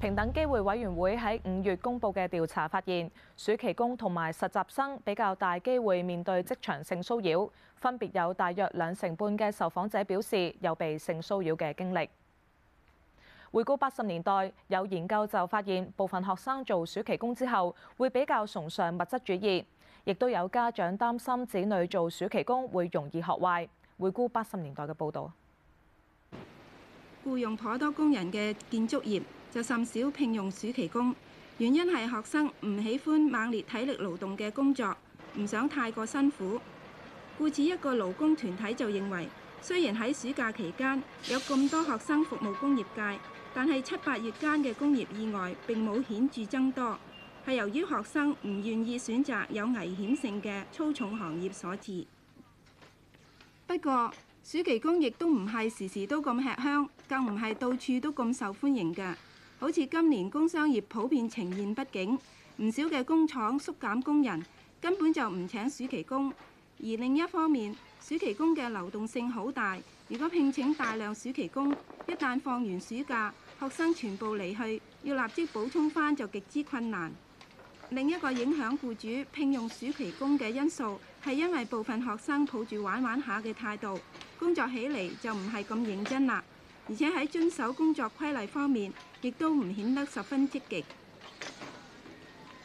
平等機會委員會喺五月公布嘅調查發現，暑期工同埋實習生比較大機會面對職場性騷擾，分別有大約兩成半嘅受訪者表示有被性騷擾嘅經歷。回顧八十年代，有研究就發現部分學生做暑期工之後會比較崇尚物質主義，亦都有家長擔心子女做暑期工會容易學壞。回顧八十年代嘅報導，僱用太多，多工人嘅建築業，就甚少聘用暑期工，原因係學生唔喜歡猛烈體力勞動嘅工作，唔想太過辛苦。故此，一個勞工團體就認為，雖然喺暑假期間有咁多學生服務工業界，但係七八月間嘅工業意外並冇顯著增多，係由於學生唔願意選擇有危險性嘅粗重行業所致。不過，暑期工亦都唔係時時都咁吃香，更唔係到處都咁受歡迎嘅。好似今年工商業普遍呈現不景，唔少嘅工廠縮減工人，根本就唔請暑期工。而另一方面，暑期工嘅流動性好大，如果聘請大量暑期工，一旦放完暑假，學生全部離去，要立即補充返就極之困難。另一個影響僱主聘用暑期工嘅因素，係因為部分學生抱住玩玩下嘅態度，工作起嚟就唔係咁認真啦。而且喺遵守工作規例方面，亦都唔顯得十分積極。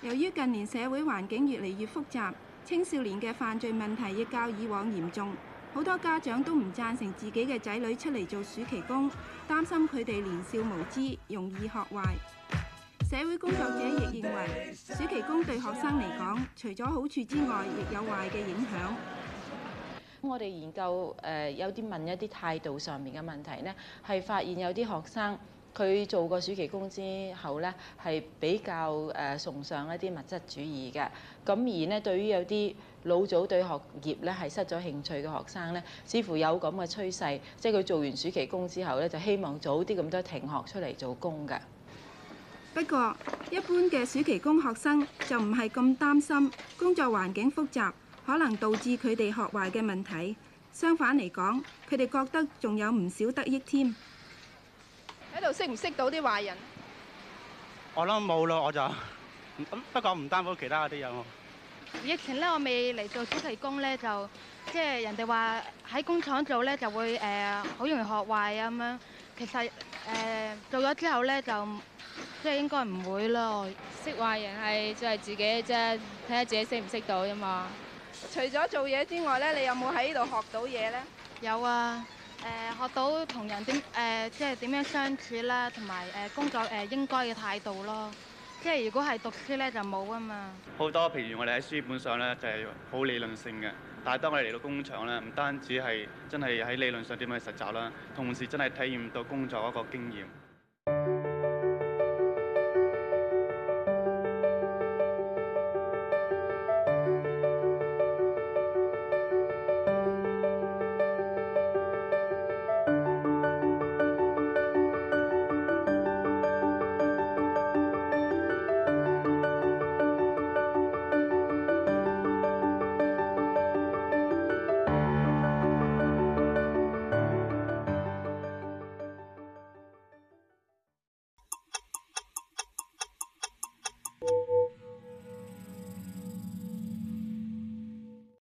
由於近年社會環境越嚟越複雜，青少年嘅犯罪問題亦較以往嚴重，好多家長都唔贊成自己嘅仔女出嚟做暑期工，擔心佢哋年少無知，容易學壞。社會工作者亦認為，暑期工對學生嚟講，除咗好處之外，亦有壞嘅影響。我哋研究誒、呃、有啲問一啲態度上面嘅問題呢，係發現有啲學生佢做過暑期工之後呢，係比較誒、呃、崇尚一啲物質主義嘅。咁而呢，對於有啲老早對學業呢係失咗興趣嘅學生呢，似乎有咁嘅趨勢，即係佢做完暑期工之後呢，就希望早啲咁多停學出嚟做工嘅。不過，一般嘅暑期工學生就唔係咁擔心工作環境複雜。可能導致佢哋學壞嘅問題。相反嚟講，佢哋覺得仲有唔少得益添。喺度識唔識到啲壞人？我諗冇咯，我就咁。不過唔擔保其他嗰啲人。以前咧，我未嚟做暑期工咧，就即係人哋話喺工廠做咧就會誒好容易學壞咁樣。其實誒做咗之後咧就即係應該唔會咯。識壞人係即係自己啫，即係睇下自己識唔識到啫嘛。除咗做嘢之外咧，你有冇喺呢度學到嘢咧？有啊，誒、呃，學到同人點誒、呃，即係點樣相處啦，同埋誒工作誒、呃、應該嘅態度咯。即係如果係讀書咧，就冇啊嘛。好多，譬如我哋喺書本上咧，就係、是、好理論性嘅。但係當我哋嚟到工廠咧，唔單止係真係喺理論上點樣去實習啦，同時真係體驗到工作一個經驗。